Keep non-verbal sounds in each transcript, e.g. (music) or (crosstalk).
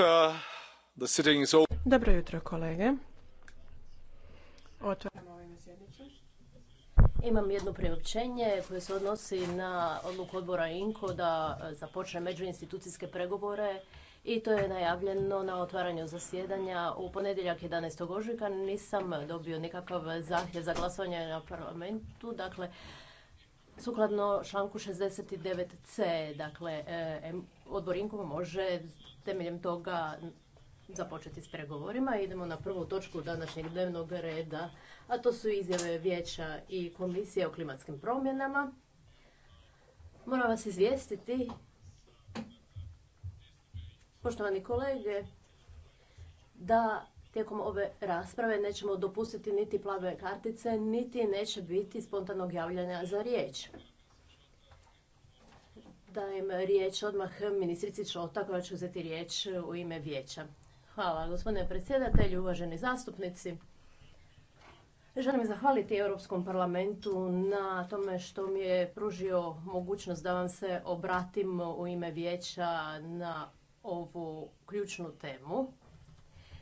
Uh, Dobro jutro kolege. Imam jedno priopćenje koje se odnosi na odluku odbora INKO da e, započne međuinstitucijske pregovore i to je najavljeno na otvaranju zasjedanja u ponedjeljak 11. ožujka. Nisam dobio nikakav zahtjev za glasovanje na parlamentu, dakle sukladno članku 69c, dakle e, odbor može temeljem toga započeti s pregovorima. Idemo na prvu točku današnjeg dnevnog reda, a to su izjave Vijeća i Komisije o klimatskim promjenama. Moram vas izvijestiti, poštovani kolege, da tijekom ove rasprave nećemo dopustiti niti plave kartice, niti neće biti spontanog javljanja za riječ dajem riječ odmah ministrici Čota koja će uzeti riječ u ime vijeća. Hvala gospodine predsjedatelju, uvaženi zastupnici. Želim zahvaliti Europskom parlamentu na tome što mi je pružio mogućnost da vam se obratim u ime vijeća na ovu ključnu temu.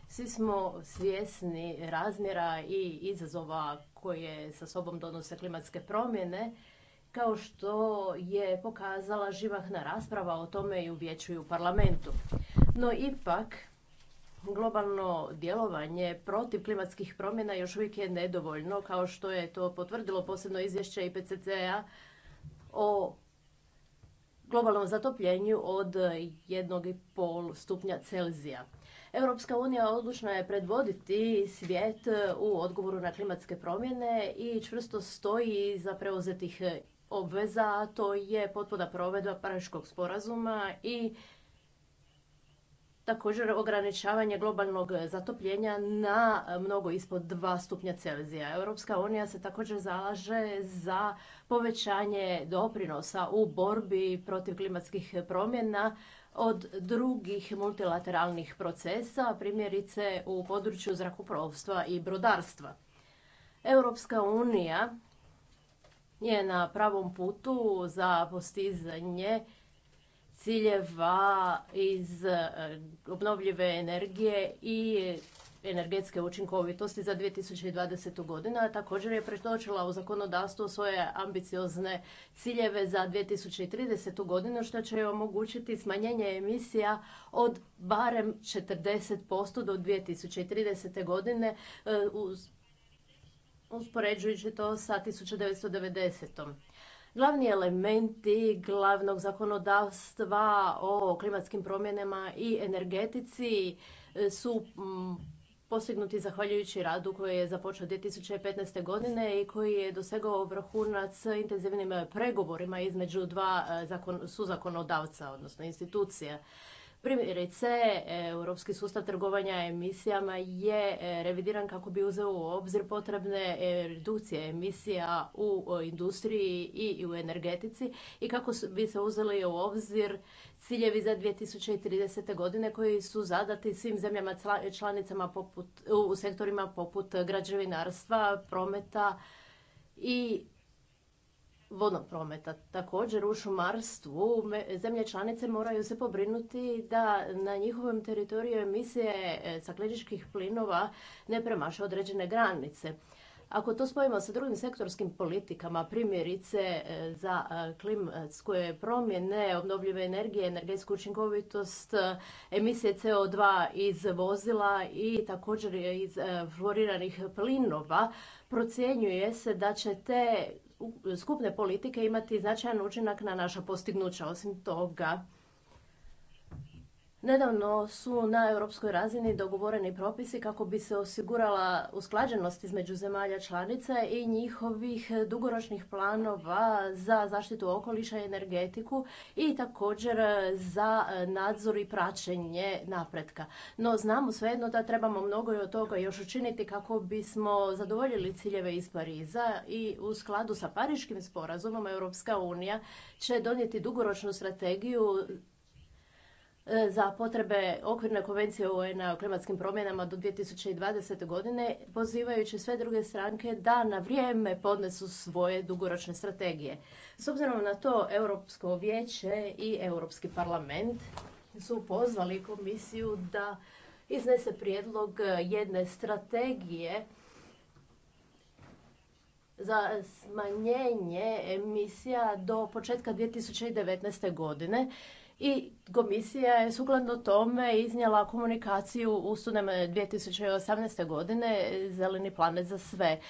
Svi smo svjesni razmjera i izazova koje sa sobom donose klimatske promjene kao što je pokazala živahna rasprava o tome i u vijeću i u parlamentu. No ipak, globalno djelovanje protiv klimatskih promjena još uvijek je nedovoljno, kao što je to potvrdilo posebno izvješće IPCC-a o globalnom zatopljenju od 1,5 stupnja Celzija. Europska unija odlučna je predvoditi svijet u odgovoru na klimatske promjene i čvrsto stoji za preuzetih obveza, to je potpuna provedba Pariškog sporazuma i također ograničavanje globalnog zatopljenja na mnogo ispod 2 stupnja Celzija. Europska unija se također zalaže za povećanje doprinosa u borbi protiv klimatskih promjena od drugih multilateralnih procesa, primjerice u području zrakoplovstva i brodarstva. Europska unija je na pravom putu za postizanje ciljeva iz e, obnovljive energije i energetske učinkovitosti za 2020. godinu, a također je pretočila u zakonodavstvo svoje ambiciozne ciljeve za 2030. godinu, što će omogućiti smanjenje emisija od barem 40% do 2030. godine e, uz uspoređujući to sa 1990. Glavni elementi glavnog zakonodavstva o klimatskim promjenama i energetici e, su mm, postignuti zahvaljujući radu koji je započeo 2015. godine i koji je dosegao vrhunac intenzivnim pregovorima između dva e, suzakonodavca, odnosno institucija. Primjerice, e, Europski sustav trgovanja emisijama je e, revidiran kako bi uzeo u obzir potrebne e, redukcije emisija u industriji i u energetici i kako bi se uzeli u obzir ciljevi za 2030. godine koji su zadati svim zemljama članicama poput, u sektorima poput građevinarstva, prometa i vodnog prometa. Također u šumarstvu zemlje članice moraju se pobrinuti da na njihovom teritoriju emisije e, stakleničkih plinova ne premaše određene granice. Ako to spojimo sa drugim sektorskim politikama, primjerice e, za e, klimatske promjene, obnovljive energije, energetsku učinkovitost, emisije CO2 iz vozila i također iz floriranih plinova, procjenjuje se da će te skupne politike imati značajan učinak na naša postignuća. Osim toga, Nedavno su na europskoj razini dogovoreni propisi kako bi se osigurala usklađenost između zemalja članica i njihovih dugoročnih planova za zaštitu okoliša i energetiku i također za nadzor i praćenje napretka. No znamo svejedno da trebamo mnogo i od toga još učiniti kako bismo zadovoljili ciljeve iz Pariza i u skladu sa Pariškim sporazumom Europska unija će donijeti dugoročnu strategiju E, za potrebe okvirne konvencije un o klimatskim promjenama do 2020. godine, pozivajući sve druge stranke da na vrijeme podnesu svoje dugoročne strategije. S obzirom na to, Europsko vijeće i Europski parlament su pozvali komisiju da iznese prijedlog jedne strategije za smanjenje emisija do početka 2019. godine i komisija je sukladno tome iznijela komunikaciju u eh, studenom 2018. godine Zeleni planet za sve.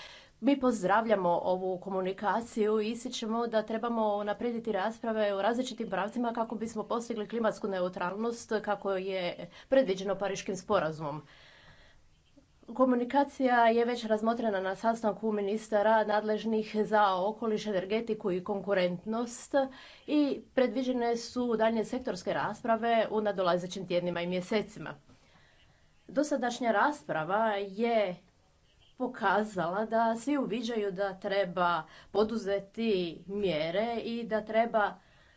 Mi pozdravljamo ovu komunikaciju i ističemo da trebamo naprediti rasprave u različitim pravcima kako bismo postigli klimatsku neutralnost kako je predviđeno Pariškim sporazumom. Komunikacija je već razmotrena na sastanku ministara nadležnih za okoliš, energetiku i konkurentnost i predviđene su dalje sektorske rasprave u nadolazećim tjednima i mjesecima. Dosadašnja rasprava je pokazala da svi uviđaju da treba poduzeti mjere i da treba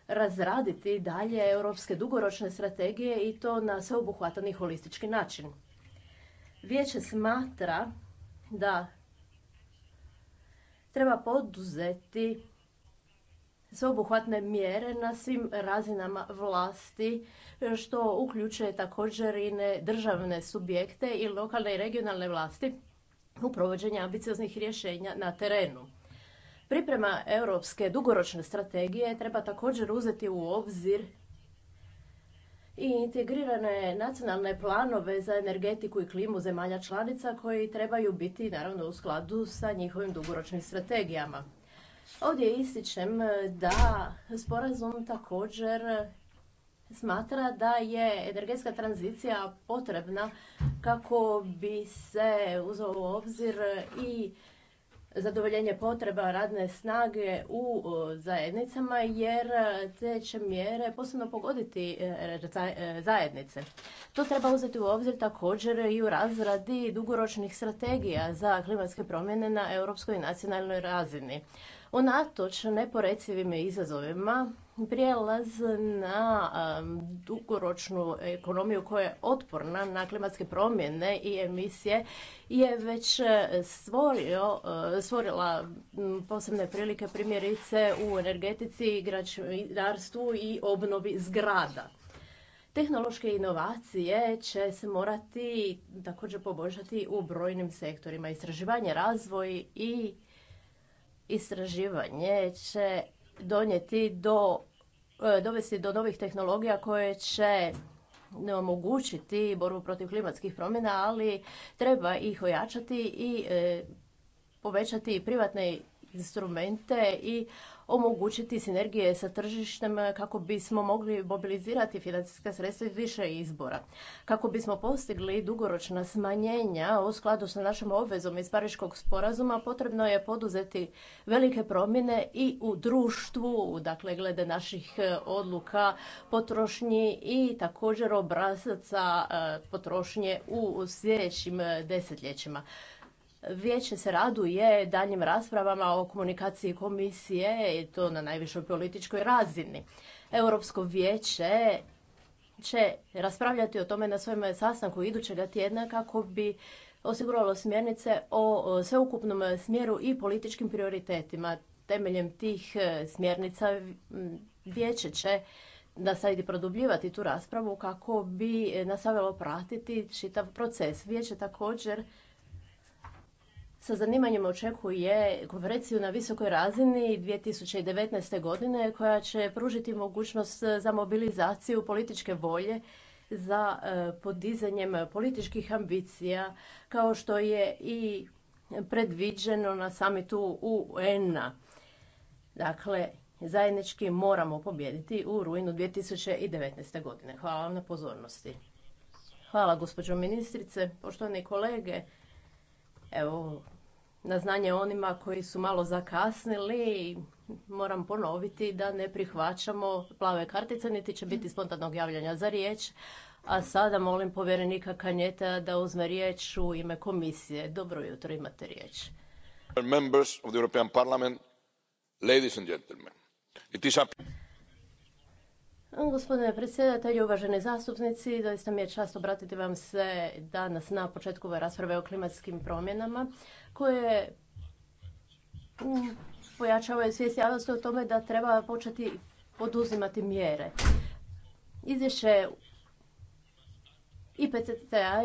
razraditi dalje europske dugoročne strategije i to na sveobuhvatan i holistički način. Vijeće smatra da treba poduzeti sveobuhvatne mjere na svim razinama vlasti, što uključuje također i ne državne subjekte i lokalne i regionalne vlasti u provođenju ambicioznih rješenja na terenu. Priprema europske dugoročne strategije treba također uzeti u obzir i integrirane nacionalne planove za energetiku i klimu zemalja članica koji trebaju biti naravno u skladu sa njihovim dugoročnim strategijama. Ovdje ističem e, da sporazum također smatra da je energetska tranzicija potrebna kako bi se uzelo u obzir i zadovoljenje potreba radne snage u zajednicama jer e, te će mjere posebno pogoditi e, e, zajednice. To treba uzeti u obzir također i u razradi dugoročnih strategija za klimatske promjene na europskoj i nacionalnoj razini. Unatoč neporecivim izazovima prijelaz na dugoročnu ekonomiju koja je otporna na klimatske promjene i emisije je već e, stvorio, e, stvorila posebne prilike primjerice u energetici, građevinarstvu i obnovi zgrada. Tehnološke inovacije će se morati također poboljšati u brojnim sektorima. Istraživanje, razvoj i istraživanje će donijeti do, e, dovesti do novih tehnologija koje će omogućiti borbu protiv klimatskih promjena, ali treba ih ojačati i e, povećati privatne instrumente i omogućiti sinergije sa tržištem kako bismo mogli mobilizirati financijska sredstva iz više izbora. Kako bismo postigli dugoročna smanjenja u skladu sa našom obvezom iz Pariškog sporazuma, potrebno je poduzeti velike promjene i u društvu, dakle glede naših e, odluka potrošnji i također obrazaca e, potrošnje u sljedećim e, desetljećima. Vijeće se raduje daljnjim raspravama o komunikaciji komisije i to na najvišoj političkoj razini. Europsko vijeće će raspravljati o tome na svojem sastanku idućeg tjedna kako bi osiguralo smjernice o sveukupnom smjeru i političkim prioritetima. Temeljem tih e, smjernica vijeće će i produbljivati tu raspravu kako bi e, nastavilo pratiti čitav proces. Vijeće također sa zanimanjem očekuje konferenciju na visokoj razini 2019. godine koja će pružiti mogućnost za mobilizaciju političke volje za e, podizanjem političkih ambicija kao što je i predviđeno na samitu UN-a. Dakle, zajednički moramo pobijediti u rujnu 2019. godine. Hvala vam na pozornosti. Hvala gospođo ministrice, poštovani kolege. Evo, na znanje onima koji su malo zakasnili. Moram ponoviti da ne prihvaćamo plave kartice, niti će biti spontanog javljanja za riječ. A sada molim povjerenika Kanjeta da uzme riječ u ime komisije. Dobro jutro, imate riječ. Gospodine predsjedatelju, uvaženi zastupnici, doista mi je čast obratiti vam se danas na početku ove rasprave o klimatskim promjenama koje pojačavaju svijest javnosti o tome da treba početi poduzimati mjere. Izvješće IPCCA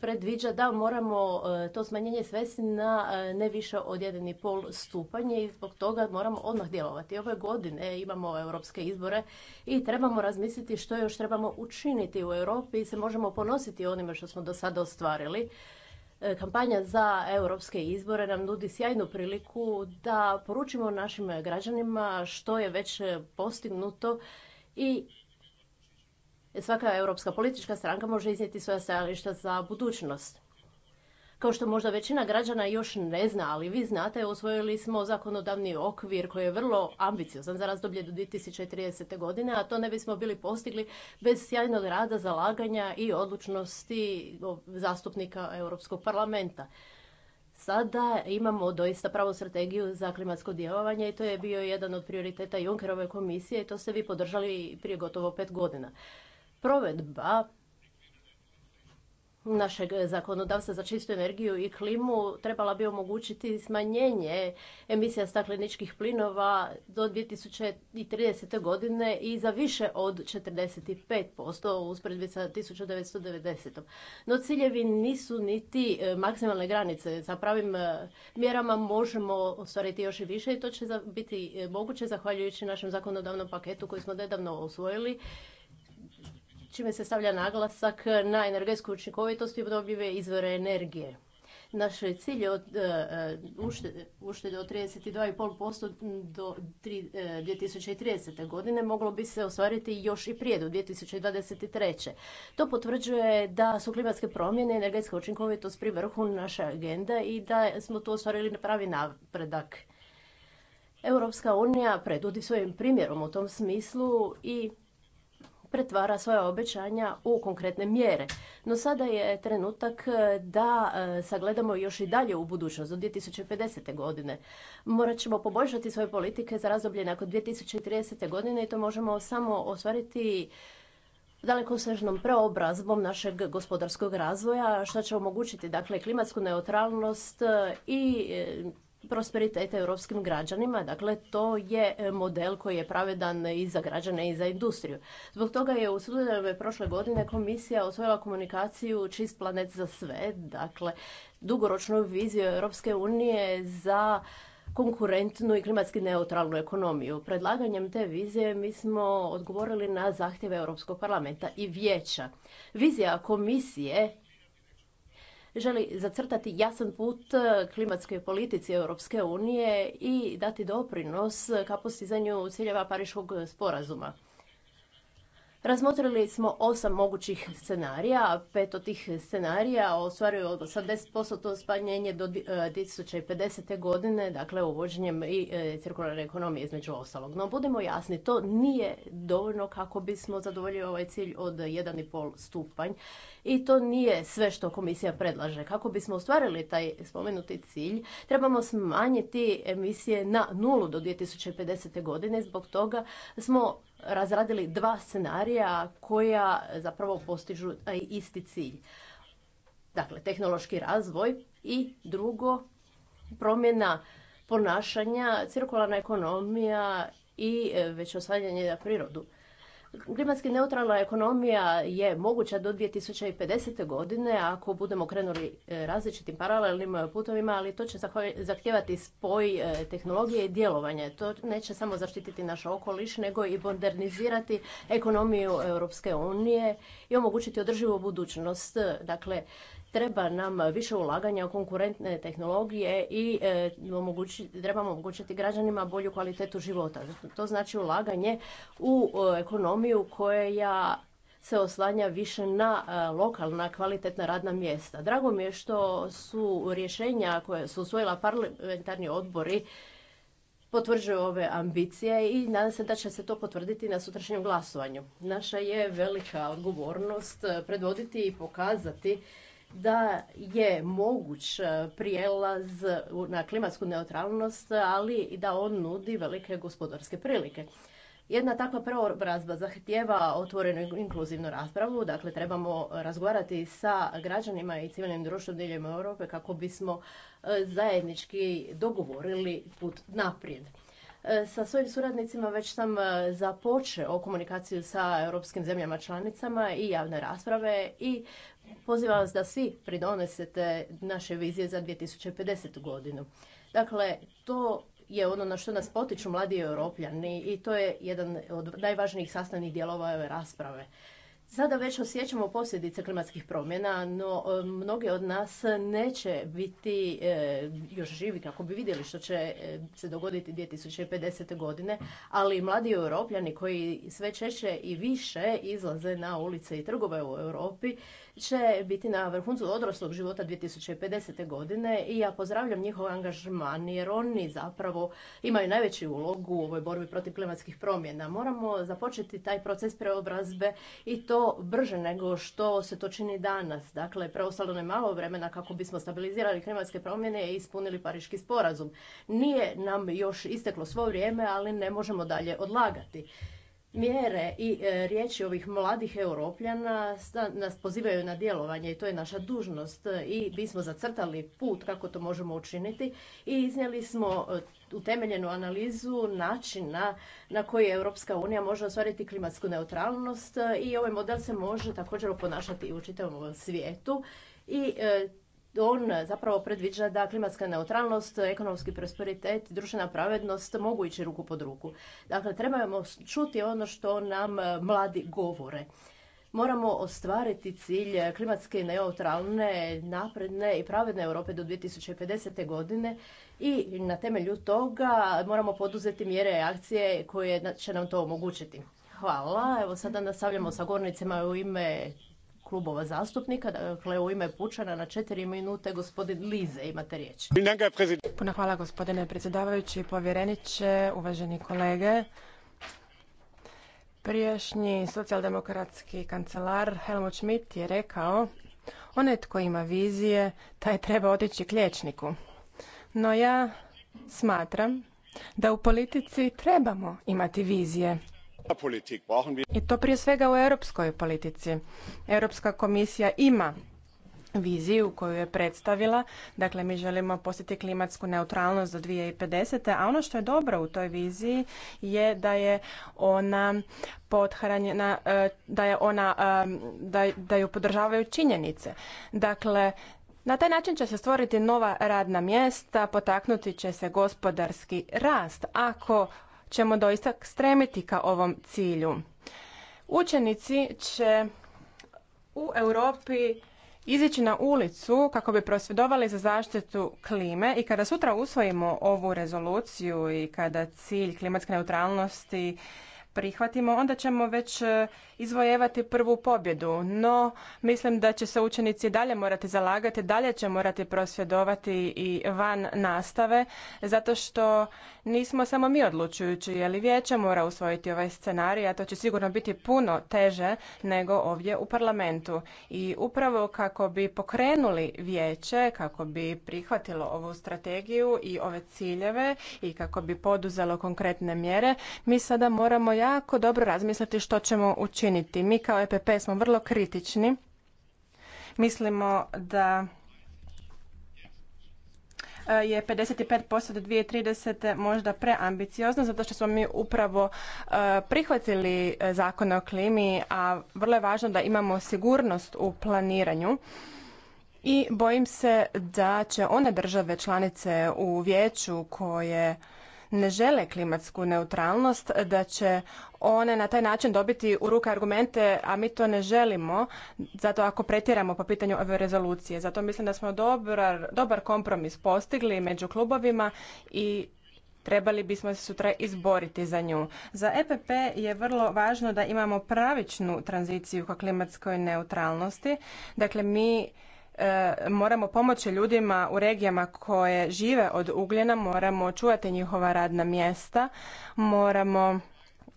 predviđa da moramo e, to smanjenje svesti na e, ne više od 1,5 stupanje i zbog toga moramo odmah djelovati. Ove godine imamo europske izbore i trebamo razmisliti što još trebamo učiniti u Europi i se možemo ponositi onime što smo do sada ostvarili. E, kampanja za europske izbore nam nudi sjajnu priliku da poručimo našim građanima što je već postignuto i svaka europska politička stranka može iznijeti svoja stajališta za budućnost. Kao što možda većina građana još ne zna, ali vi znate, osvojili smo zakonodavni okvir koji je vrlo ambiciozan za razdoblje do 2030. godine, a to ne bismo bili postigli bez sjajnog rada, zalaganja i odlučnosti zastupnika Europskog parlamenta. Sada imamo doista pravu strategiju za klimatsko djelovanje i to je bio jedan od prioriteta Junckerove komisije i to ste vi podržali prije gotovo pet godina. Provedba našeg zakonodavstva za čistu energiju i klimu trebala bi omogućiti smanjenje emisija stakleničkih plinova do 2030. godine i za više od 45% u usporedbi sa 1990. No ciljevi nisu niti e, maksimalne granice. Sa pravim e, mjerama možemo ostvariti još i više i to će biti e, moguće zahvaljujući našem zakonodavnom paketu koji smo nedavno osvojili čime se stavlja naglasak na energetsku učinkovitost i obnovljive izvore energije. Naš cilj je od e, e, uštede, uštede od 32,5% do 2030. E, godine moglo bi se ostvariti još i prije do 2023. To potvrđuje da su klimatske promjene i energetska učinkovitost pri vrhu naše agenda i da smo tu ostvarili na pravi napredak. Europska unija predudi svojim primjerom u tom smislu i pretvara svoja obećanja u konkretne mjere. No sada je trenutak e, da e, sagledamo još i dalje u budućnost, do 2050. godine. Morat ćemo poboljšati svoje politike za razdoblje nakon 2030. godine i to možemo samo ostvariti dalekosežnom preobrazbom našeg gospodarskog razvoja, što će omogućiti dakle, klimatsku neutralnost e, i prosperiteta europskim građanima. Dakle, to je e, model koji je pravedan i za građane i za industriju. Zbog toga je u studenome prošle godine komisija osvojila komunikaciju Čist planet za sve, dakle, dugoročnu viziju Europske unije za konkurentnu i klimatski neutralnu ekonomiju. Predlaganjem te vizije mi smo odgovorili na zahtjeve Europskog parlamenta i vijeća. Vizija komisije želi zacrtati jasan put e, klimatske politici Europske unije i dati doprinos ka postizanju ciljeva Pariškog sporazuma. Razmotrili smo osam mogućih scenarija, pet od tih scenarija ostvaruju od 80% to smanjenje do 2050. E, godine, dakle uvođenjem i e, cirkularne ekonomije između ostalog. No budemo jasni, to nije dovoljno kako bismo zadovoljili ovaj cilj od 1,5 stupanj i to nije sve što komisija predlaže. Kako bismo ostvarili taj spomenuti cilj, trebamo smanjiti emisije na nulu do 2050. godine, zbog toga smo razradili dva scenarija koja zapravo postižu e, isti cilj. Dakle, tehnološki razvoj i drugo, promjena ponašanja, cirkularna ekonomija i e, već osvanjanje na prirodu. Klimatski neutralna ekonomija je moguća do 2050. godine ako budemo krenuli e, različitim paralelnim e, putovima, ali to će zahtijevati spoj e, tehnologije i djelovanje. To neće samo zaštititi naš okoliš, nego i modernizirati ekonomiju Europske unije i omogućiti održivu budućnost. Dakle, Treba nam više ulaganja u konkurentne tehnologije i e, trebamo omogućiti građanima bolju kvalitetu života. To znači ulaganje u e, ekonomiju koja se oslanja više na e, lokalna kvalitetna radna mjesta. Drago mi je što su rješenja koje su usvojila parlamentarni odbori potvrđuju ove ambicije i nadam se da će se to potvrditi na sutrašnjem glasovanju. Naša je velika odgovornost predvoditi i pokazati da je moguć e, prijelaz na klimatsku neutralnost, ali i da on nudi velike gospodarske prilike. Jedna takva preobrazba zahtjeva otvorenu inkluzivnu raspravu, dakle trebamo razgovarati sa građanima i civilnim društvom diljem Europe kako bismo e, zajednički dogovorili put naprijed. E, sa svojim suradnicima već sam započeo komunikaciju sa europskim zemljama članicama i javne rasprave i Pozivam vas da svi pridonesete naše vizije za 2050. godinu. Dakle, to je ono na što nas potiču mladi europljani i to je jedan od najvažnijih sastavnih dijelova ove rasprave. Sada već osjećamo posljedice klimatskih promjena, no e, mnogi od nas neće biti e, još živi kako bi vidjeli što će e, se dogoditi 2050. godine, ali mladi europljani koji sve češće i više izlaze na ulice i trgove u Europi će biti na vrhuncu odraslog života 2050. godine i ja pozdravljam njihov angažman jer oni zapravo imaju najveću ulogu u ovoj borbi protiv klimatskih promjena. Moramo započeti taj proces preobrazbe i to brže nego što se to čini danas. Dakle, preostalo je malo vremena kako bismo stabilizirali klimatske promjene i ispunili pariški sporazum. Nije nam još isteklo svo vrijeme, ali ne možemo dalje odlagati. Mjere i e, riječi ovih mladih europljana nas pozivaju na djelovanje i to je naša dužnost i mi smo zacrtali put kako to možemo učiniti i iznijeli smo e, utemeljenu analizu načina na koji Europska unija može ostvariti klimatsku neutralnost i ovaj model se može također oponašati i u čitavom svijetu i e, on zapravo predviđa da klimatska neutralnost, ekonomski prosperitet, društvena pravednost mogu ići ruku pod ruku. Dakle, trebamo čuti ono što nam mladi govore. Moramo ostvariti cilj klimatske neutralne, napredne i pravedne Europe do 2050. godine i na temelju toga moramo poduzeti mjere i akcije koje će nam to omogućiti. Hvala. Evo sada nastavljamo sa govornicima u ime klubova zastupnika. Dakle, u ime Pučana na četiri minute gospodin Lize imate riječ. Puno hvala gospodine predsjedavajući, povjereniće, uvaženi kolege. Priješnji socijaldemokratski kancelar Helmut Schmidt je rekao onaj tko ima vizije, taj treba otići k liječniku. No ja smatram da u politici trebamo imati vizije i to prije svega u europskoj politici. Europska komisija ima viziju koju je predstavila. Dakle, mi želimo postići klimatsku neutralnost do 2050. A ono što je dobro u toj viziji je da je ona podhranjena, e, da je ona, e, da ju podržavaju činjenice. Dakle, na taj način će se stvoriti nova radna mjesta, potaknuti će se gospodarski rast. Ako ćemo doista stremiti ka ovom cilju. Učenici će u Europi izići na ulicu kako bi prosvjedovali za zaštitu klime i kada sutra usvojimo ovu rezoluciju i kada cilj klimatske neutralnosti prihvatimo, onda ćemo već e, izvojevati prvu pobjedu. No, mislim da će se učenici dalje morati zalagati, dalje će morati prosvjedovati i van nastave, zato što nismo samo mi odlučujući, je li vijeće mora usvojiti ovaj scenarij, a to će sigurno biti puno teže nego ovdje u parlamentu. I upravo kako bi pokrenuli vijeće, kako bi prihvatilo ovu strategiju i ove ciljeve i kako bi poduzelo konkretne mjere, mi sada moramo jako dobro razmisliti što ćemo učiniti. Mi kao EPP smo vrlo kritični. Mislimo da e, je 55% do 2030. možda preambiciozno, zato što smo mi upravo e, prihvatili e, zakon o klimi, a vrlo je važno da imamo sigurnost u planiranju. I bojim se da će one države članice u vijeću koje ne žele klimatsku neutralnost, da će one na taj način dobiti u ruke argumente, a mi to ne želimo, zato ako pretjeramo po pitanju ove rezolucije. Zato mislim da smo dobar, dobar kompromis postigli među klubovima i trebali bismo se sutra izboriti za nju. Za EPP je vrlo važno da imamo pravičnu tranziciju ka klimatskoj neutralnosti. Dakle, mi E, moramo pomoći ljudima u regijama koje žive od ugljena, moramo čuvati njihova radna mjesta, moramo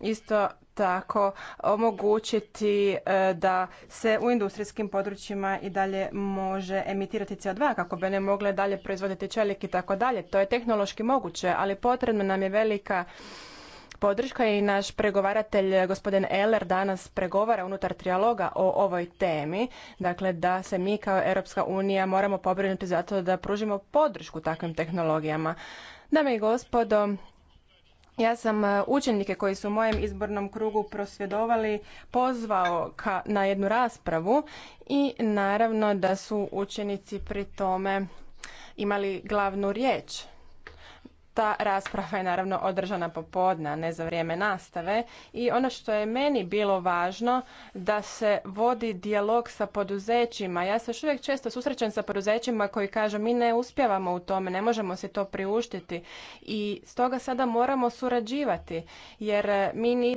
isto tako omogućiti e, da se u industrijskim područjima i dalje može emitirati CO2 kako bi ne mogle dalje proizvoditi čelik i tako dalje. To je tehnološki moguće, ali potrebna nam je velika podrška i naš pregovaratelj gospodin Eller danas pregovara unutar trijaloga o ovoj temi. Dakle, da se mi kao Europska unija moramo pobrinuti za to da pružimo podršku takvim tehnologijama. Dame i gospodo, ja sam e, učenike koji su u mojem izbornom krugu prosvjedovali pozvao ka, na jednu raspravu i naravno da su učenici pri tome imali glavnu riječ ta rasprava je naravno održana popodna, ne za vrijeme nastave i ono što je meni bilo važno da se vodi dijalog sa poduzećima. Ja se uvijek često susrećem sa poduzećima koji kažu mi ne uspjevamo u tome, ne možemo se to priuštiti i stoga sada moramo surađivati jer mi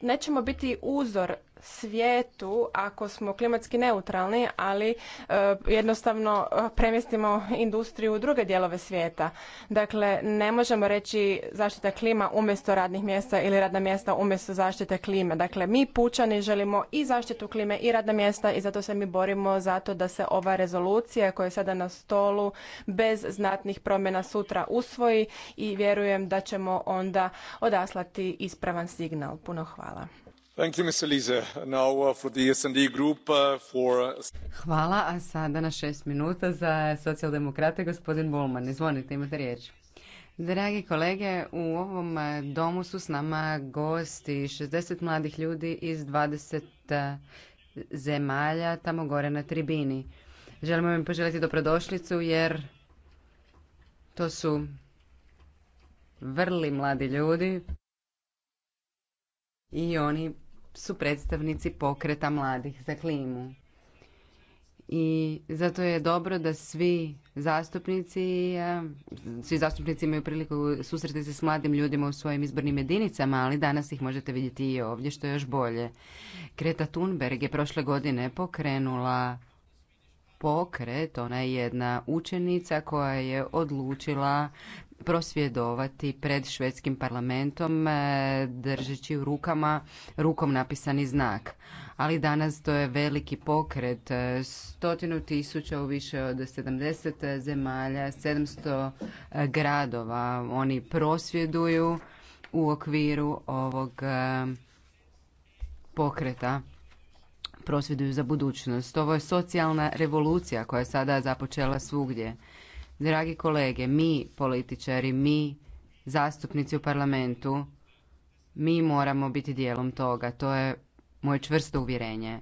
nećemo biti uzor svijetu ako smo klimatski neutralni, ali e, jednostavno e, premjestimo industriju u druge dijelove svijeta. Dakle, ne možemo reći zaštita klima umjesto radnih mjesta ili radna mjesta umjesto zaštite klime. Dakle, mi pučani želimo i zaštitu klime i radna mjesta i zato se mi borimo zato da se ova rezolucija koja je sada na stolu bez znatnih promjena sutra usvoji i vjerujem da ćemo onda odaslati ispravan signal. Puno hvala. Hvala, a sada na šest minuta za socijaldemokrate gospodin Bulman. Izvolite, imate riječ. Dragi kolege, u ovom uh, domu su s nama gosti 60 mladih ljudi iz 20 uh, zemalja tamo gore na tribini. Želimo im poželjeti dobrodošlicu jer to su vrli mladi ljudi i oni su predstavnici pokreta mladih za klimu. I zato je dobro da svi zastupnici, svi zastupnici imaju priliku susreti se s mladim ljudima u svojim izbornim jedinicama, ali danas ih možete vidjeti i ovdje što je još bolje. Kreta Thunberg je prošle godine pokrenula pokret, ona je jedna učenica koja je odlučila prosvjedovati pred švedskim parlamentom e, držeći u rukama rukom napisani znak. Ali danas to je veliki pokret, e, stotinu tisuća u više od 70 zemalja, 700 e, gradova. Oni prosvjeduju u okviru ovog pokreta prosvjeduju za budućnost. Ovo je socijalna revolucija koja je sada započela svugdje. Dragi kolege, mi političari, mi zastupnici u parlamentu, mi moramo biti dijelom toga. To je moje čvrsto uvjerenje.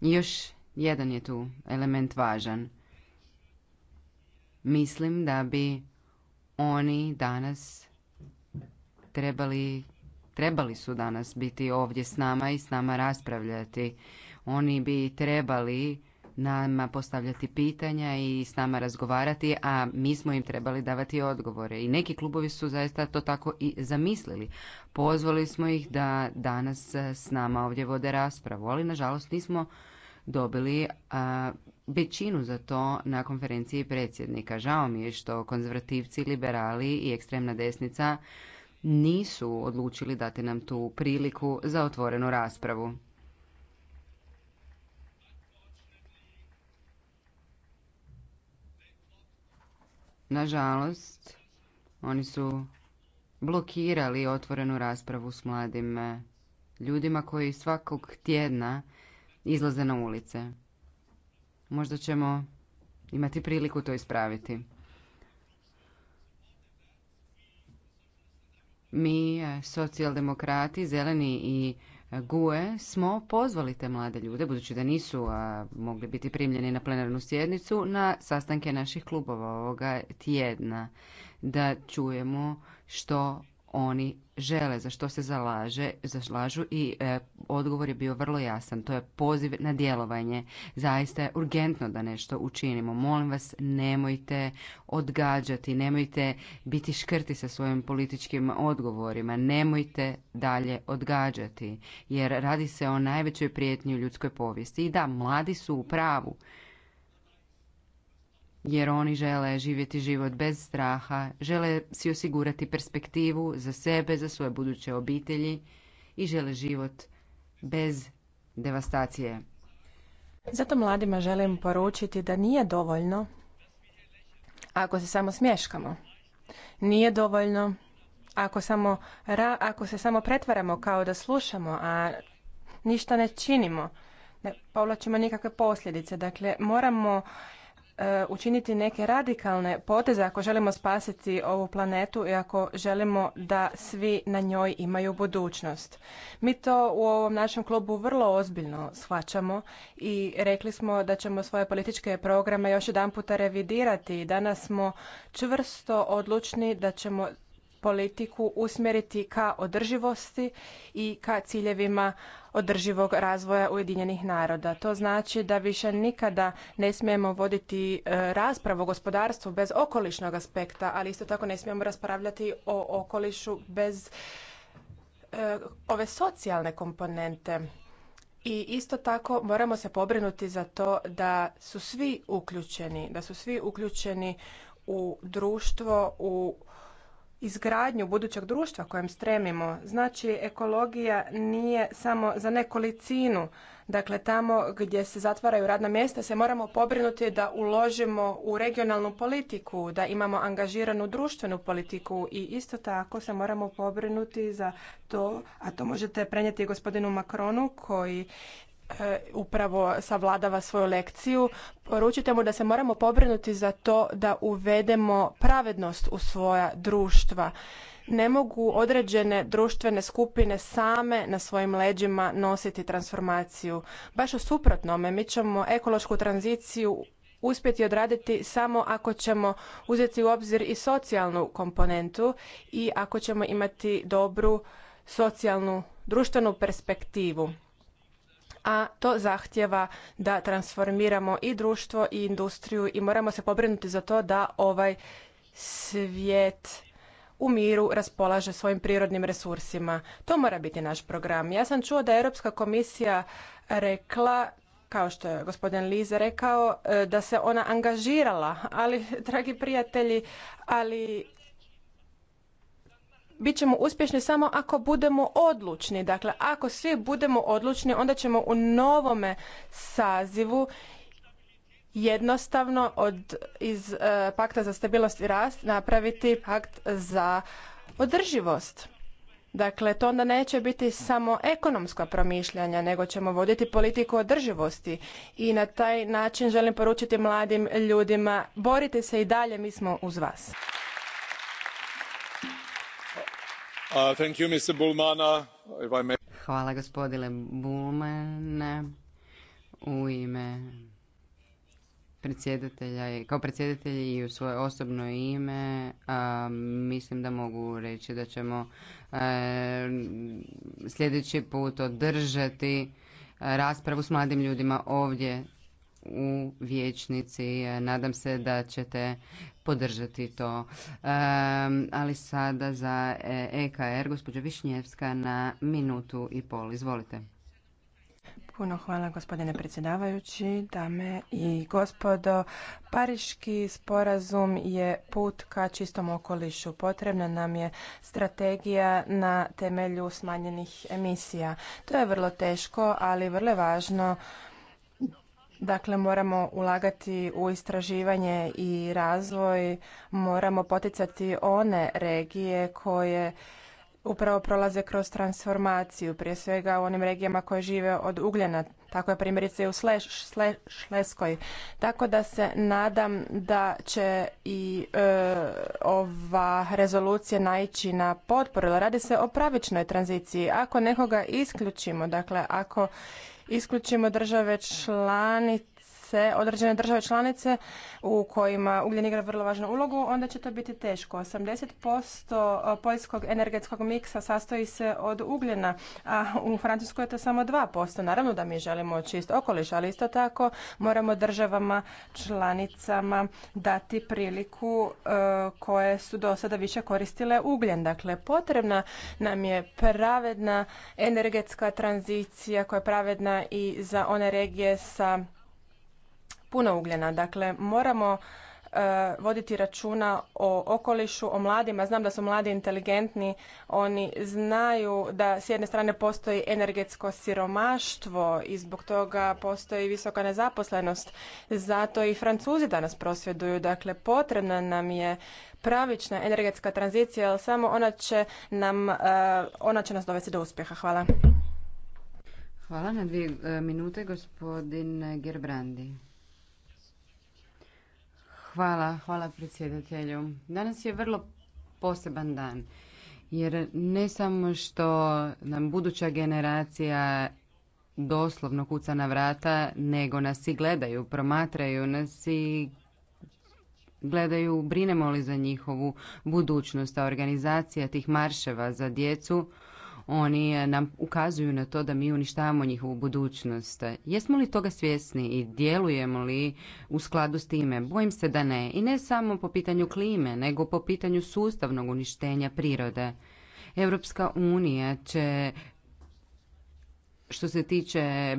još jedan je tu element važan. Mislim da bi oni danas trebali trebali su danas biti ovdje s nama i s nama raspravljati. Oni bi trebali nama postavljati pitanja i s nama razgovarati, a mi smo im trebali davati odgovore. I neki klubovi su zaista to tako i zamislili. Pozvali smo ih da danas s nama ovdje vode raspravu, ali nažalost nismo dobili većinu za to na konferenciji predsjednika. Žao mi je što konzervativci, liberali i ekstremna desnica nisu odlučili dati nam tu priliku za otvorenu raspravu. Nažalost, oni su blokirali otvorenu raspravu s mladim eh, ljudima koji svakog tjedna izlaze na ulice. Možda ćemo imati priliku to ispraviti. Mi, eh, socijaldemokrati, zeleni i eh, GUE, smo pozvali te mlade ljude, budući da nisu a, mogli biti primljeni na plenarnu sjednicu, na sastanke naših klubova ovoga tjedna, da čujemo što oni žele, za što se zalaže, zalažu i e, odgovor je bio vrlo jasan. To je poziv na djelovanje. Zaista je urgentno da nešto učinimo. Molim vas, nemojte odgađati, nemojte biti škrti sa svojim političkim odgovorima, nemojte dalje odgađati, jer radi se o najvećoj prijetnji u ljudskoj povijesti. I da, mladi su u pravu jer oni žele živjeti život bez straha, žele si osigurati perspektivu za sebe, za svoje buduće obitelji i žele život bez devastacije. Zato mladima želim poručiti da nije dovoljno ako se samo smješkamo. Nije dovoljno ako, samo, ra, ako se samo pretvaramo kao da slušamo, a ništa ne činimo ne povlačimo nikakve posljedice. Dakle, moramo E, učiniti neke radikalne poteze ako želimo spasiti ovu planetu i ako želimo da svi na njoj imaju budućnost. Mi to u ovom našem klubu vrlo ozbiljno shvaćamo i rekli smo da ćemo svoje političke programe još jedan puta revidirati i danas smo čvrsto odlučni da ćemo politiku usmjeriti ka održivosti i ka ciljevima održivog razvoja Ujedinjenih naroda. To znači da više nikada ne smijemo voditi e, raspravu o gospodarstvu bez okolišnog aspekta, ali isto tako ne smijemo raspravljati o okolišu bez e, ove socijalne komponente. I isto tako moramo se pobrinuti za to da su svi uključeni, da su svi uključeni u društvo, u izgradnju budućeg društva kojem stremimo. Znači, ekologija nije samo za nekolicinu. Dakle, tamo gdje se zatvaraju radna mjesta se moramo pobrinuti da uložimo u regionalnu politiku, da imamo angažiranu društvenu politiku i isto tako se moramo pobrinuti za to, a to možete prenijeti gospodinu Makronu koji E, upravo savladava svoju lekciju. Poručite mu da se moramo pobrinuti za to da uvedemo pravednost u svoja društva. Ne mogu određene društvene skupine same na svojim leđima nositi transformaciju. Baš u suprotnome, mi ćemo ekološku tranziciju uspjeti odraditi samo ako ćemo uzeti u obzir i socijalnu komponentu i ako ćemo imati dobru socijalnu društvenu perspektivu a to zahtjeva da transformiramo i društvo i industriju i moramo se pobrinuti za to da ovaj svijet u miru raspolaže svojim prirodnim resursima. To mora biti naš program. Ja sam čuo da je Europska komisija rekla kao što je gospodin Lize rekao, e, da se ona angažirala, ali, (laughs) dragi prijatelji, ali bit ćemo uspješni samo ako budemo odlučni. Dakle, ako svi budemo odlučni, onda ćemo u novome sazivu jednostavno od, iz e, pakta za stabilnost i rast napraviti pakt za održivost. Dakle, to onda neće biti samo ekonomska promišljanja, nego ćemo voditi politiku održivosti i na taj način želim poručiti mladim ljudima, borite se i dalje, mi smo uz vas. Uh, Hvala gospodine Bulmane. U ime predsjedatelja, kao predsjedatelji i u svoje osobno ime mislim da mogu reći da ćemo e, sljedeći put održati raspravu s mladim ljudima ovdje u vijećnici. Nadam se da ćete podržati to. Ali sada za EKR, e gospođa Višnjevska na minutu i pol. Izvolite. Puno hvala gospodine predsjedavajući, dame i gospodo. Pariški sporazum je put ka čistom okolišu. Potrebna nam je strategija na temelju smanjenih emisija. To je vrlo teško, ali vrlo je važno Dakle, moramo ulagati u istraživanje i razvoj, moramo poticati one regije koje upravo prolaze kroz transformaciju, prije svega u onim regijama koje žive od ugljena, tako je primjerice i u Šleskoj. Tako da se nadam da će i e, ova rezolucija naići na potporu. Radi se o pravičnoj tranziciji. Ako nekoga isključimo, dakle ako isključimo države članice se određene države članice u kojima ugljen igra vrlo važnu ulogu, onda će to biti teško. 80% poljskog energetskog miksa sastoji se od ugljena, a u Francuskoj je to samo 2%. Naravno da mi želimo čist okoliš, ali isto tako moramo državama članicama dati priliku e, koje su do sada više koristile ugljen. Dakle, potrebna nam je pravedna energetska tranzicija koja je pravedna i za one regije sa puno ugljena. Dakle, moramo e, voditi računa o okolišu, o mladima. Znam da su mladi inteligentni, oni znaju da s jedne strane postoji energetsko siromaštvo i zbog toga postoji visoka nezaposlenost. Zato i Francuzi danas prosvjeduju. Dakle, potrebna nam je pravična energetska tranzicija, ali samo ona će, nam, e, ona će nas dovesti do uspjeha. Hvala. Hvala na dvije e, minute, gospodin Gerbrandi. Hvala, hvala predsjedatelju. Danas je vrlo poseban dan jer ne samo što nam buduća generacija doslovno kuca na vrata, nego nas i gledaju, promatraju nas i gledaju brinemo li za njihovu budućnost, a organizacija tih marševa za djecu oni eh, nam ukazuju na to da mi uništavamo njihovu budućnost. Jesmo li toga svjesni i djelujemo li u skladu s time? Bojim se da ne. I ne samo po pitanju klime, nego po pitanju sustavnog uništenja prirode. Europska unija će što se tiče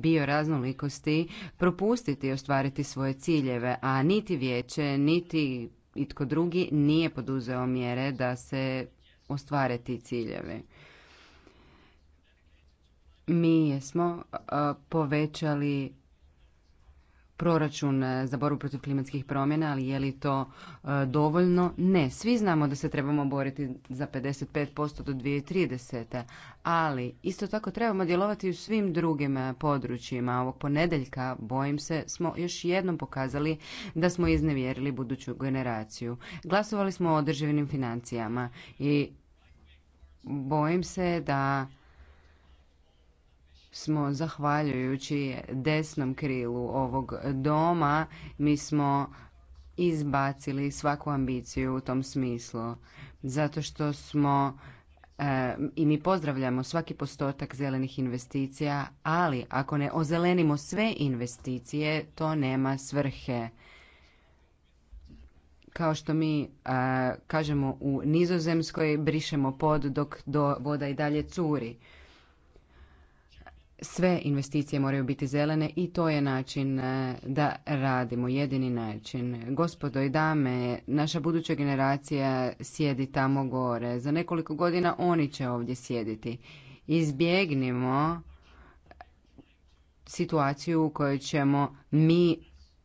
bioraznolikosti propustiti i ostvariti svoje ciljeve, a niti vijeće, niti itko drugi nije poduzeo mjere da se ostvare ti ciljevi mi smo povećali proračun e, za borbu protiv klimatskih promjena, ali je li to e, dovoljno? Ne, svi znamo da se trebamo boriti za 55% do 2030. Ali isto tako trebamo djelovati u svim drugim e, područjima. Ovog ponedeljka, bojim se, smo još jednom pokazali da smo iznevjerili buduću generaciju. Glasovali smo o održivim financijama i bojim se da smo zahvaljujući desnom krilu ovog doma mi smo izbacili svaku ambiciju u tom smislu zato što smo e, i mi pozdravljamo svaki postotak zelenih investicija ali ako ne ozelenimo sve investicije to nema svrhe kao što mi e, kažemo u nizozemskoj brišemo pod dok do voda i dalje curi sve investicije moraju biti zelene i to je način e, da radimo, jedini način. Gospodo i dame, naša buduća generacija sjedi tamo gore. Za nekoliko godina oni će ovdje sjediti. Izbjegnimo situaciju u kojoj ćemo mi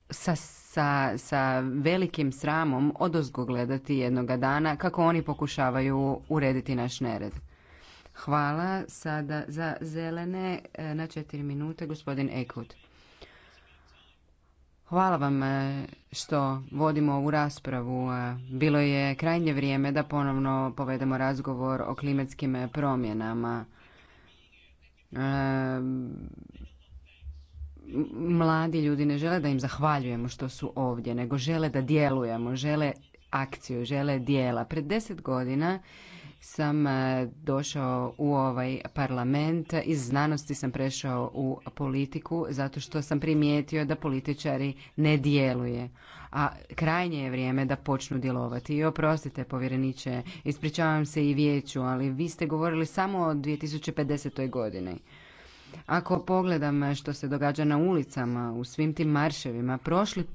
sa, sa, sa velikim sramom odozgo gledati jednoga dana kako oni pokušavaju urediti naš nered. Hvala. Sada za zelene e, na četiri minute gospodin Ekut. Hvala vam e, što vodimo ovu raspravu. E, bilo je krajnje vrijeme da ponovno povedemo razgovor o klimatskim promjenama. Mladi ljudi ne žele da im zahvaljujemo što su ovdje, nego žele da djelujemo, žele akciju, žele dijela. Pred deset godina sam e, došao u ovaj parlament, iz znanosti sam prešao u politiku zato što sam primijetio da političari ne djeluje. A krajnje je vrijeme da počnu djelovati. I oprostite, povjereniče, ispričavam se i vijeću, ali vi ste govorili samo o 2050. godini. Ako pogledam što se događa na ulicama, u svim tim marševima, prošli,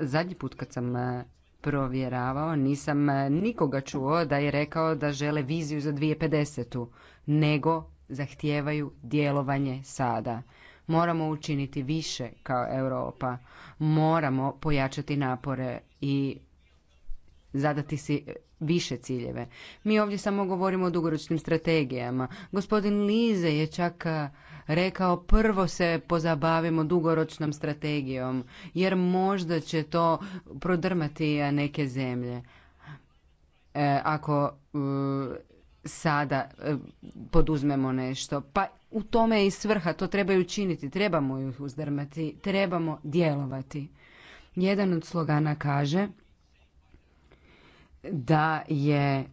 zadnji put kad sam e, provjeravao, nisam e, nikoga čuo da je rekao da žele viziju za 2050. nego zahtijevaju djelovanje sada. Moramo učiniti više kao Europa. Moramo pojačati napore i zadati si e, više ciljeve. Mi ovdje samo govorimo o dugoročnim strategijama. Gospodin Lize je čak e, rekao prvo se pozabavimo dugoročnom strategijom jer možda će to prodrmati neke zemlje. E, ako e, sada e, poduzmemo nešto. Pa u tome je i svrha, to trebaju činiti, trebamo ih uzdrmati, trebamo djelovati. Jedan od slogana kaže da je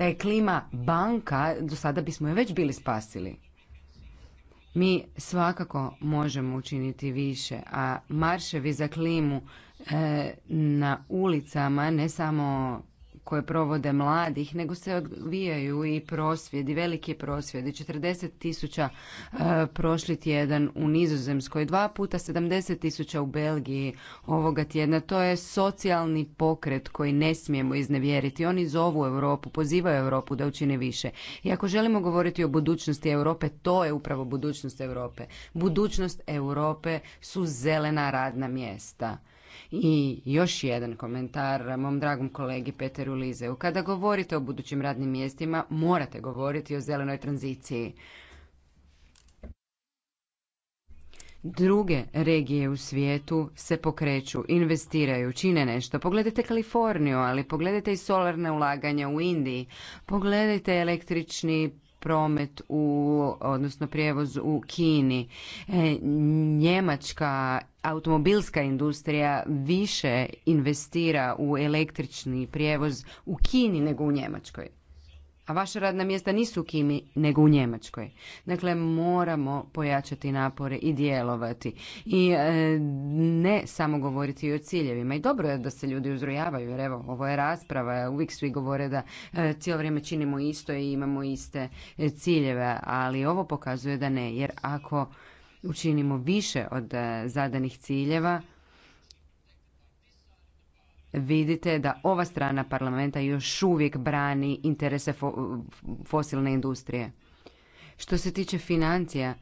da je klima banka, do sada bismo je već bili spasili. Mi svakako možemo učiniti više, a marševi za klimu e, na ulicama ne samo koje provode mladih, nego se odvijaju i prosvjedi, veliki prosvjedi. 40 tisuća e, prošli tjedan u Nizozemskoj, dva puta 70 tisuća u Belgiji ovoga tjedna. To je socijalni pokret koji ne smijemo iznevjeriti. Oni zovu Europu, pozivaju Europu da učine više. I ako želimo govoriti o budućnosti Europe, to je upravo budućnost Europe. Budućnost Europe su zelena radna mjesta. I još jedan komentar mom dragom kolegi Peteru Lizeu. Kada govorite o budućim radnim mjestima, morate govoriti o zelenoj tranziciji. Druge regije u svijetu se pokreću, investiraju, čine nešto. Pogledajte Kaliforniju, ali pogledajte i solarne ulaganja u Indiji. Pogledajte električni promet u, odnosno prijevoz u Kini. E, njemačka automobilska industrija više investira u električni prijevoz u Kini nego u Njemačkoj a vaša radna mjesta nisu u Kimi, nego u Njemačkoj. Dakle, moramo pojačati napore i djelovati. I e, ne samo govoriti o ciljevima. I dobro je da se ljudi uzrojavaju, jer evo, ovo je rasprava, uvijek svi govore da e, cijelo vrijeme činimo isto i imamo iste e, ciljeve, ali ovo pokazuje da ne, jer ako učinimo više od zadanih ciljeva, vidite da ova strana parlamenta još uvijek brani interese fosilne industrije. Što se tiče financija,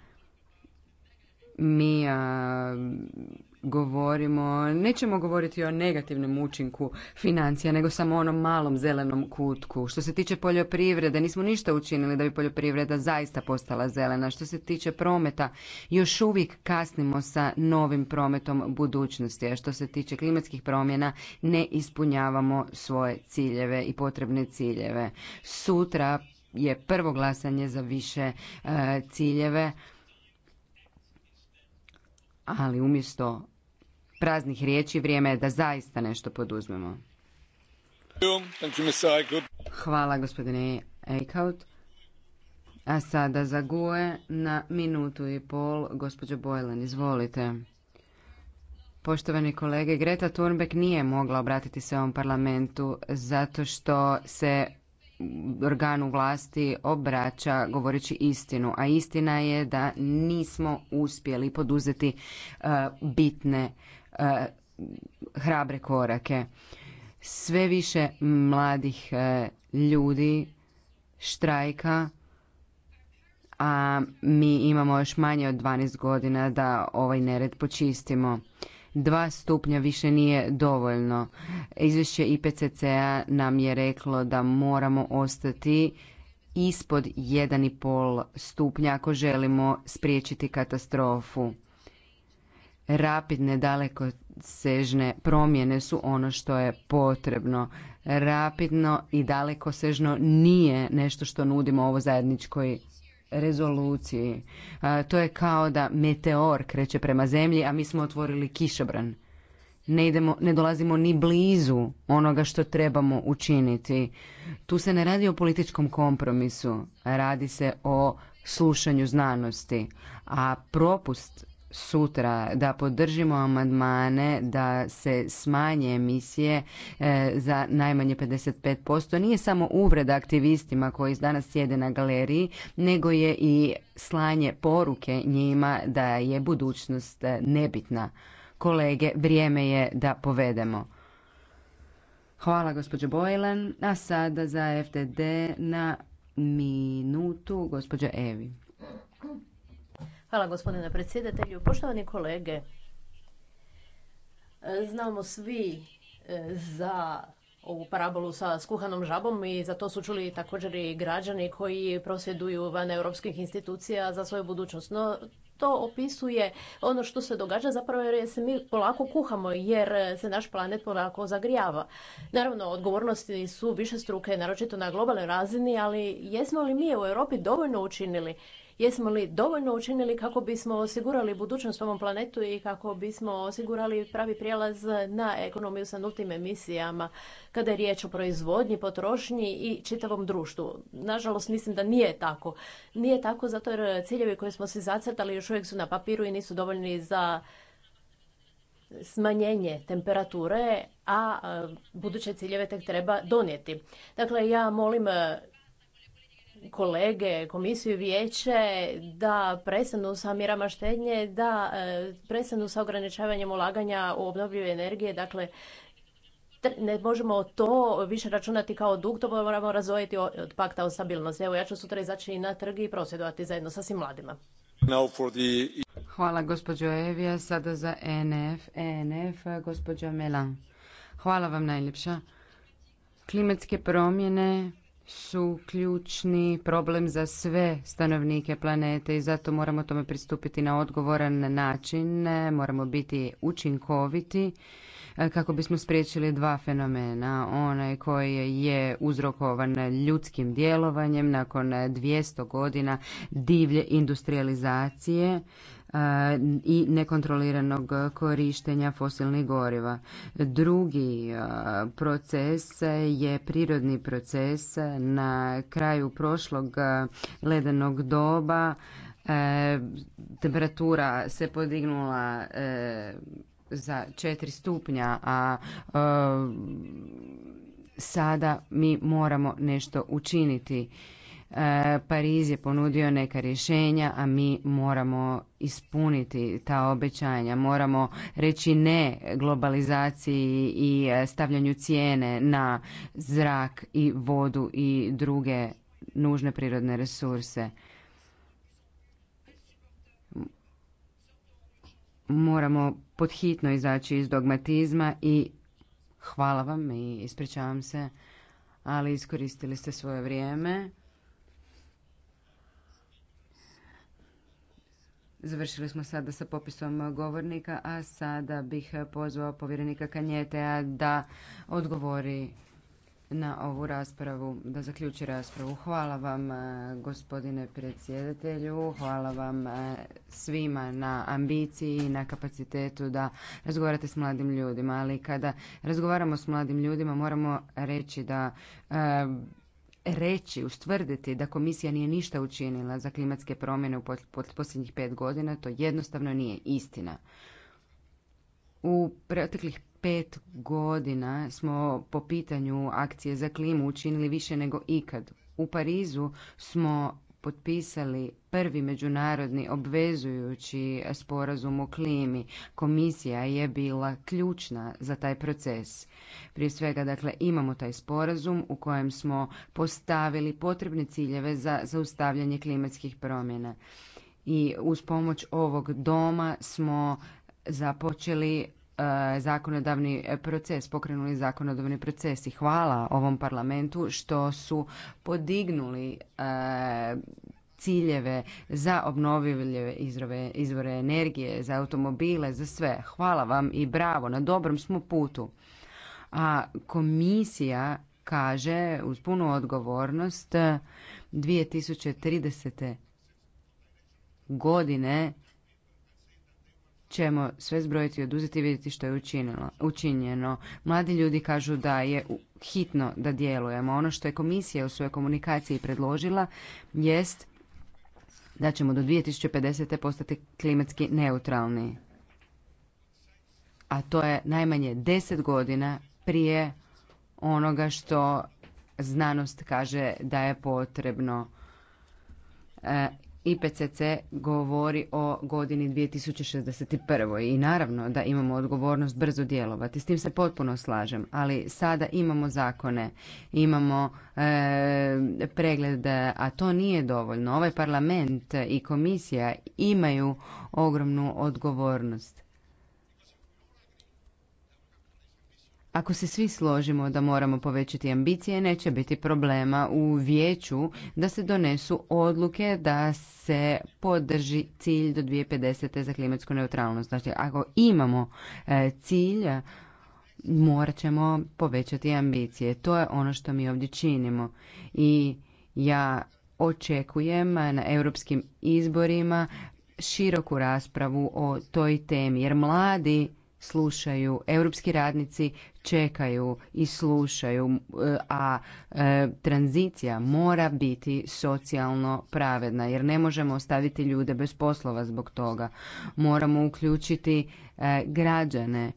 mi govorimo, nećemo govoriti o negativnom učinku financija, nego samo onom malom zelenom kutku. Što se tiče poljoprivrede, nismo ništa učinili da bi poljoprivreda zaista postala zelena. Što se tiče prometa, još uvijek kasnimo sa novim prometom budućnosti, a što se tiče klimatskih promjena, ne ispunjavamo svoje ciljeve i potrebne ciljeve. Sutra je prvo glasanje za više e, ciljeve ali umjesto praznih riječi vrijeme je da zaista nešto poduzmemo. Hvala gospodine Eichhout. A sada za na minutu i pol, gospođo bojlen izvolite. Poštovani kolege, Greta Thunberg nije mogla obratiti se ovom parlamentu zato što se organu vlasti obraća govoreći istinu, a istina je da nismo uspjeli poduzeti e, bitne e, hrabre korake. Sve više mladih e, ljudi štrajka, a mi imamo još manje od 12 godina da ovaj nered počistimo dva stupnja više nije dovoljno. Izvješće IPCC-a nam je reklo da moramo ostati ispod 1,5 stupnja ako želimo spriječiti katastrofu. Rapidne, daleko sežne promjene su ono što je potrebno. Rapidno i dalekosežno sežno nije nešto što nudimo ovo zajedničkoj rezoluciji. To je kao da meteor kreće prema zemlji, a mi smo otvorili kišobran. Ne, idemo, ne dolazimo ni blizu onoga što trebamo učiniti. Tu se ne radi o političkom kompromisu, radi se o slušanju znanosti, a propust sutra da podržimo amandmane da se smanje emisije e, za najmanje 55%. Nije samo uvreda aktivistima koji danas sjede na galeriji, nego je i slanje poruke njima da je budućnost e, nebitna. Kolege, vrijeme je da povedemo. Hvala gospođo Bojlen, a sada za FTD na minutu gospođa Evi. Hvala gospodine predsjedatelju. Poštovani kolege, e, znamo svi e, za ovu parabolu sa skuhanom žabom i za to su čuli također i građani koji prosvjeduju van europskih institucija za svoju budućnost. No, to opisuje ono što se događa zapravo jer se mi polako kuhamo jer se naš planet polako zagrijava. Naravno, odgovornosti su više struke, naročito na globalnoj razini, ali jesmo li mi u Europi dovoljno učinili? Jesmo li dovoljno učinili kako bismo osigurali budućnost ovom planetu i kako bismo osigurali pravi prijelaz na ekonomiju sa nultim emisijama kada je riječ o proizvodnji, potrošnji i čitavom društvu? Nažalost, mislim da nije tako. Nije tako zato jer ciljevi koje smo si zacrtali još uvijek su na papiru i nisu dovoljni za smanjenje temperature, a e, buduće ciljeve tek treba donijeti. Dakle, ja molim e, kolege, komisiju vijeće da prestanu sa mjerama štednje, da e, prestanu sa ograničavanjem ulaganja u obnovljive energije, dakle ne možemo to više računati kao dug, to moramo razvojiti od pakta o stabilnosti. Evo ja ću sutra izaći na trg i prosvjedovati zajedno sa svim mladima. Hvala gospođo Evija, sada za ENF, ENF, gospođo Melan. Hvala vam najljepša. Klimatske promjene su ključni problem za sve stanovnike planete i zato moramo tome pristupiti na odgovoran način, moramo biti učinkoviti E, kako bismo spriječili dva fenomena. Onaj koji je uzrokovan ljudskim djelovanjem nakon 200 godina divlje industrializacije e, i nekontroliranog korištenja fosilnih goriva. Drugi e, proces je prirodni proces na kraju prošlog ledenog doba temperatura se podignula za četiri stupnja, a e, sada mi moramo nešto učiniti. E, Pariz je ponudio neka rješenja, a mi moramo ispuniti ta obećanja. Moramo reći ne globalizaciji i e, stavljanju cijene na zrak i vodu i druge nužne prirodne resurse. moramo podhitno izaći iz dogmatizma i hvala vam i ispričavam se, ali iskoristili ste svoje vrijeme. Završili smo sada sa popisom govornika, a sada bih pozvao povjerenika Kanjetea da odgovori na ovu raspravu, da zaključi raspravu. Hvala vam e, gospodine predsjedatelju, hvala vam e, svima na ambiciji i na kapacitetu da razgovarate s mladim ljudima, ali kada razgovaramo s mladim ljudima moramo reći da e, reći, ustvrditi da komisija nije ništa učinila za klimatske promjene u posljednjih pet godina, to jednostavno nije istina. U proteklih pet godina smo po pitanju akcije za klimu učinili više nego ikad. U Parizu smo potpisali prvi međunarodni obvezujući sporazum o klimi. Komisija je bila ključna za taj proces. Prije svega, dakle, imamo taj sporazum u kojem smo postavili potrebne ciljeve za zaustavljanje klimatskih promjena. I uz pomoć ovog doma smo započeli e, zakonodavni proces, pokrenuli zakonodavni proces i hvala ovom parlamentu što su podignuli e, ciljeve za obnovljive izvore energije, za automobile, za sve. Hvala vam i bravo, na dobrom smo putu. A komisija kaže uz punu odgovornost 2030. E, godine ćemo sve zbrojiti i oduzeti i vidjeti što je učinjeno. Mladi ljudi kažu da je hitno da djelujemo. Ono što je komisija u svojoj komunikaciji predložila jest da ćemo do 2050. postati klimatski neutralni. A to je najmanje 10 godina prije onoga što znanost kaže da je potrebno. E, IPCC govori o godini 2061. I naravno da imamo odgovornost brzo djelovati. S tim se potpuno slažem. Ali sada imamo zakone, imamo e, pregled, a to nije dovoljno. Ovaj parlament i komisija imaju ogromnu odgovornost. Ako se svi složimo da moramo povećati ambicije, neće biti problema u vijeću da se donesu odluke da se podrži cilj do 2050. za klimatsku neutralnost. Znači, ako imamo e, cilj, morat ćemo povećati ambicije. To je ono što mi ovdje činimo. I ja očekujem na europskim izborima široku raspravu o toj temi, jer mladi slušaju, europski radnici čekaju i slušaju, eh, a eh, tranzicija mora biti socijalno pravedna jer ne možemo ostaviti ljude bez poslova zbog toga. Moramo uključiti eh, građane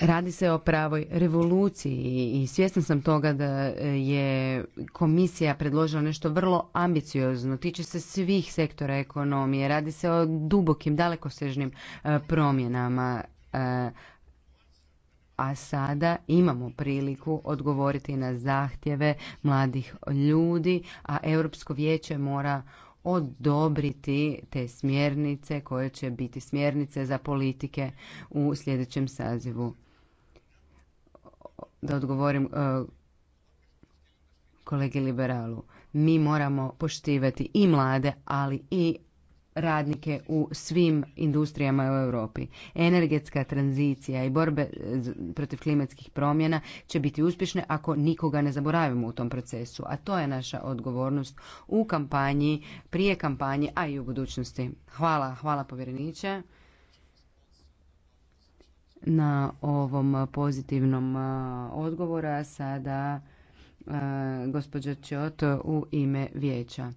Radi se o pravoj revoluciji i svjesna sam toga da e, je komisija predložila nešto vrlo ambiciozno. Tiče se svih sektora ekonomije. Radi se o dubokim, dalekosežnim e, promjenama. E, a sada imamo priliku odgovoriti na zahtjeve mladih ljudi, a Europsko vijeće mora odobriti te smjernice koje će biti smjernice za politike u sljedećem sazivu da odgovorim e, kolegi liberalu. Mi moramo poštivati i mlade, ali i radnike u svim industrijama u Europi. Energetska tranzicija i borbe protiv klimatskih promjena će biti uspješne ako nikoga ne zaboravimo u tom procesu, a to je naša odgovornost u kampanji, prije kampanje, a i u budućnosti. Hvala, hvala povjereniče na ovom pozitivnom odgovora. Sada gospođa čoto u ime vijeća.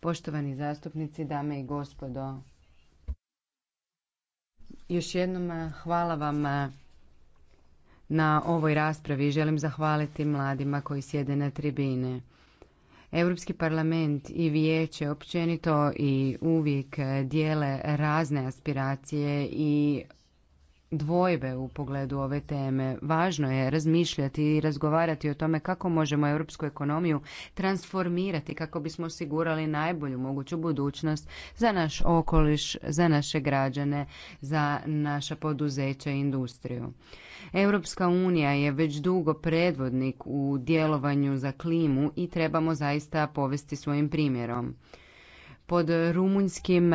Poštovani zastupnici, dame i gospodo, još jednom hvala vam na ovoj raspravi. Želim zahvaliti mladima koji sjede na tribine. Europski parlament i vijeće općenito i uvijek dijele razne aspiracije i dvojbe u pogledu ove teme. Važno je razmišljati i razgovarati o tome kako možemo europsku ekonomiju transformirati kako bismo osigurali najbolju moguću budućnost za naš okoliš, za naše građane, za naša poduzeća i industriju. Europska unija je već dugo predvodnik u djelovanju za klimu i trebamo zaista povesti svojim primjerom. Pod rumunjskim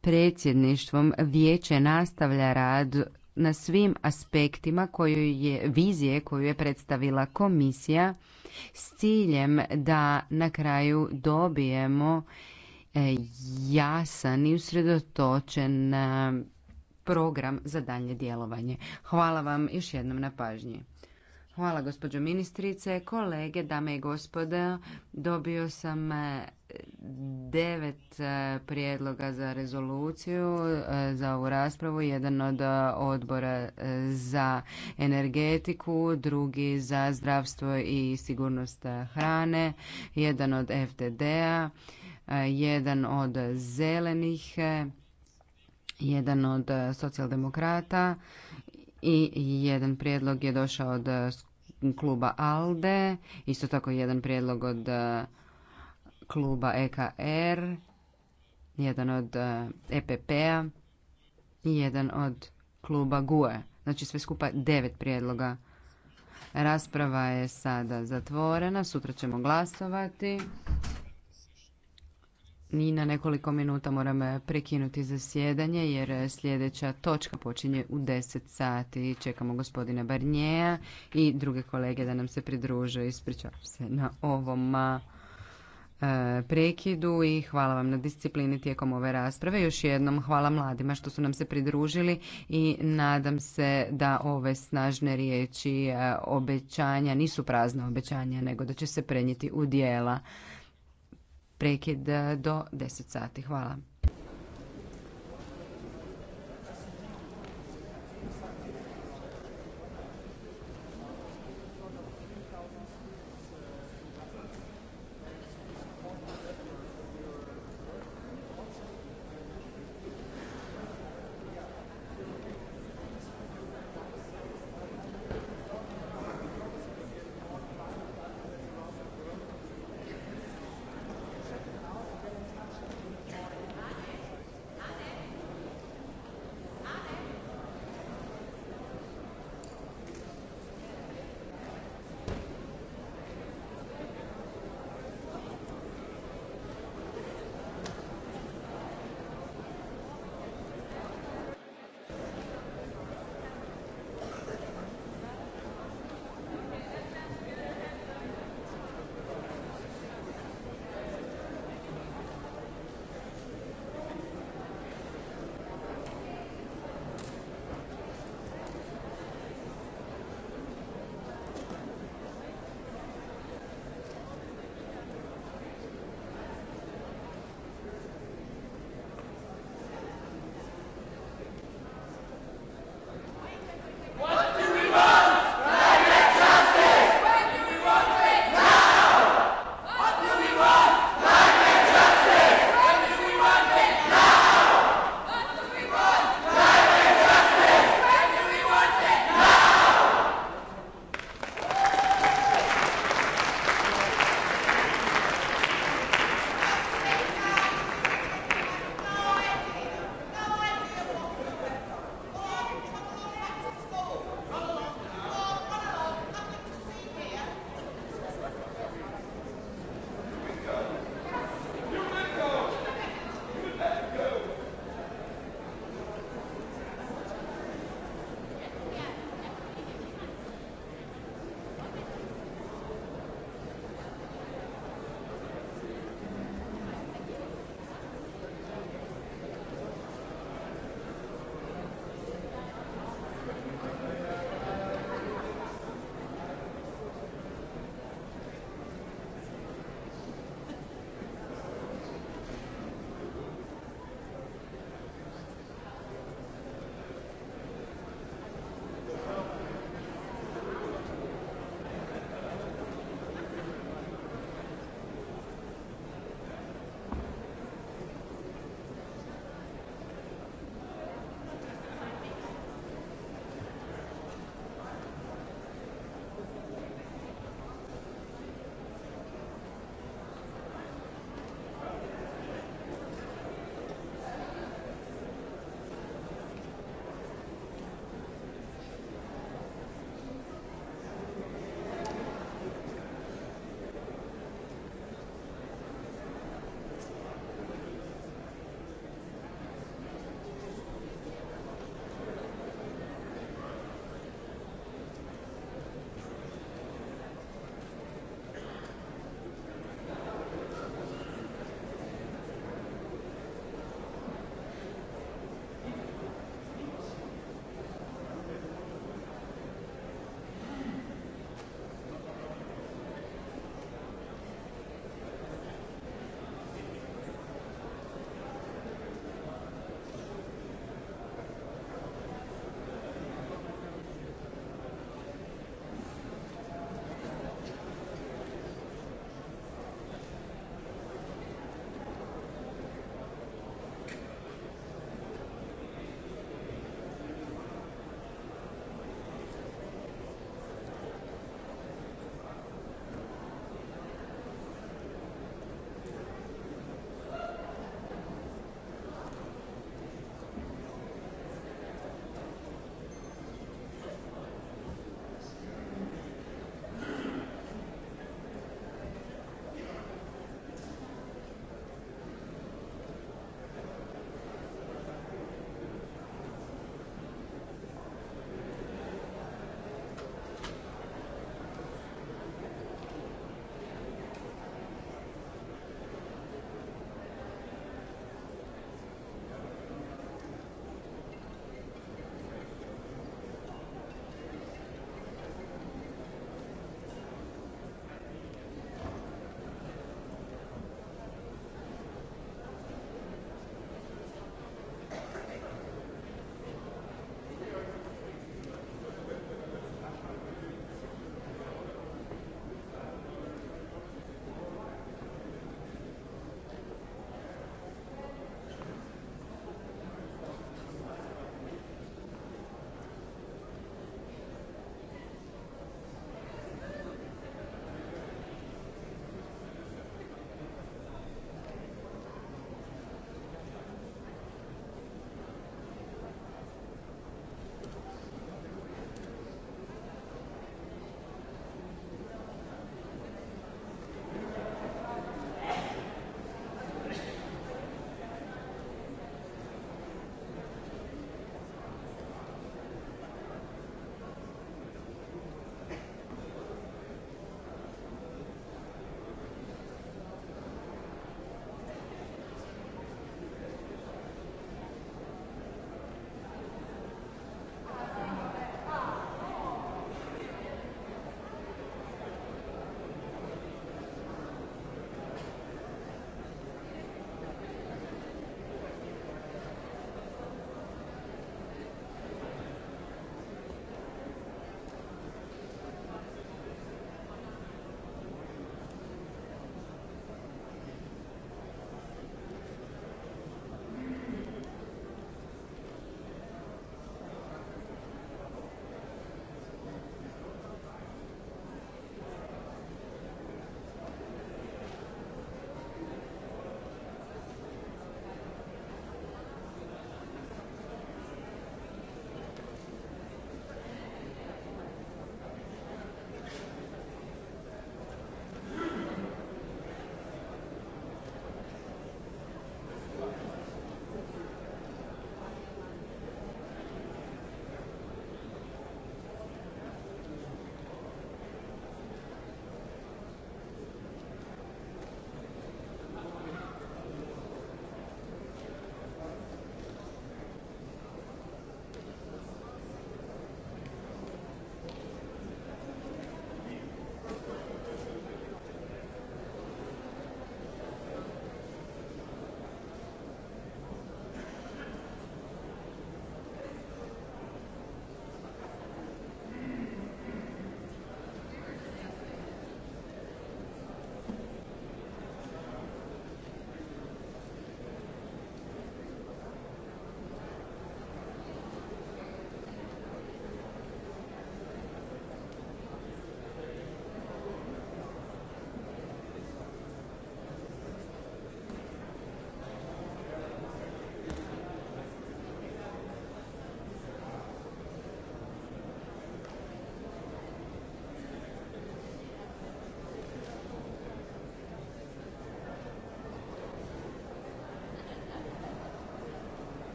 predsjedništvom vijeće nastavlja rad na svim aspektima koju je, vizije koju je predstavila komisija s ciljem da na kraju dobijemo e, jasan i usredotočen e, program za dalje djelovanje. Hvala vam još jednom na pažnji. Hvala gospođo ministrice, kolege, dame i gospode. Dobio sam e, devet e, prijedloga za rezoluciju e, za ovu raspravu. Jedan od odbora za energetiku, drugi za zdravstvo i sigurnost hrane, jedan od FTDA, a jedan od zelenih, jedan od socijaldemokrata i jedan prijedlog je došao od kluba ALDE, isto tako jedan prijedlog od e, kluba EKR, er, jedan od EPP-a e i jedan od kluba GUE. Znači sve skupa devet prijedloga. Rasprava je sada zatvorena, sutra ćemo glasovati ni na nekoliko minuta moram eh, prekinuti zasjedanje jer eh, sljedeća točka počinje u 10 sati. Čekamo gospodina Barnjeja i druge kolege da nam se pridruže. Ispričavam se na ovom eh, prekidu i hvala vam na disciplini tijekom ove rasprave. Još jednom hvala mladima što su nam se pridružili i nadam se da ove snažne riječi, obećanja nisu prazna obećanja nego da će se prenijeti u dijela prekid eh, do 10 sati. Hvala.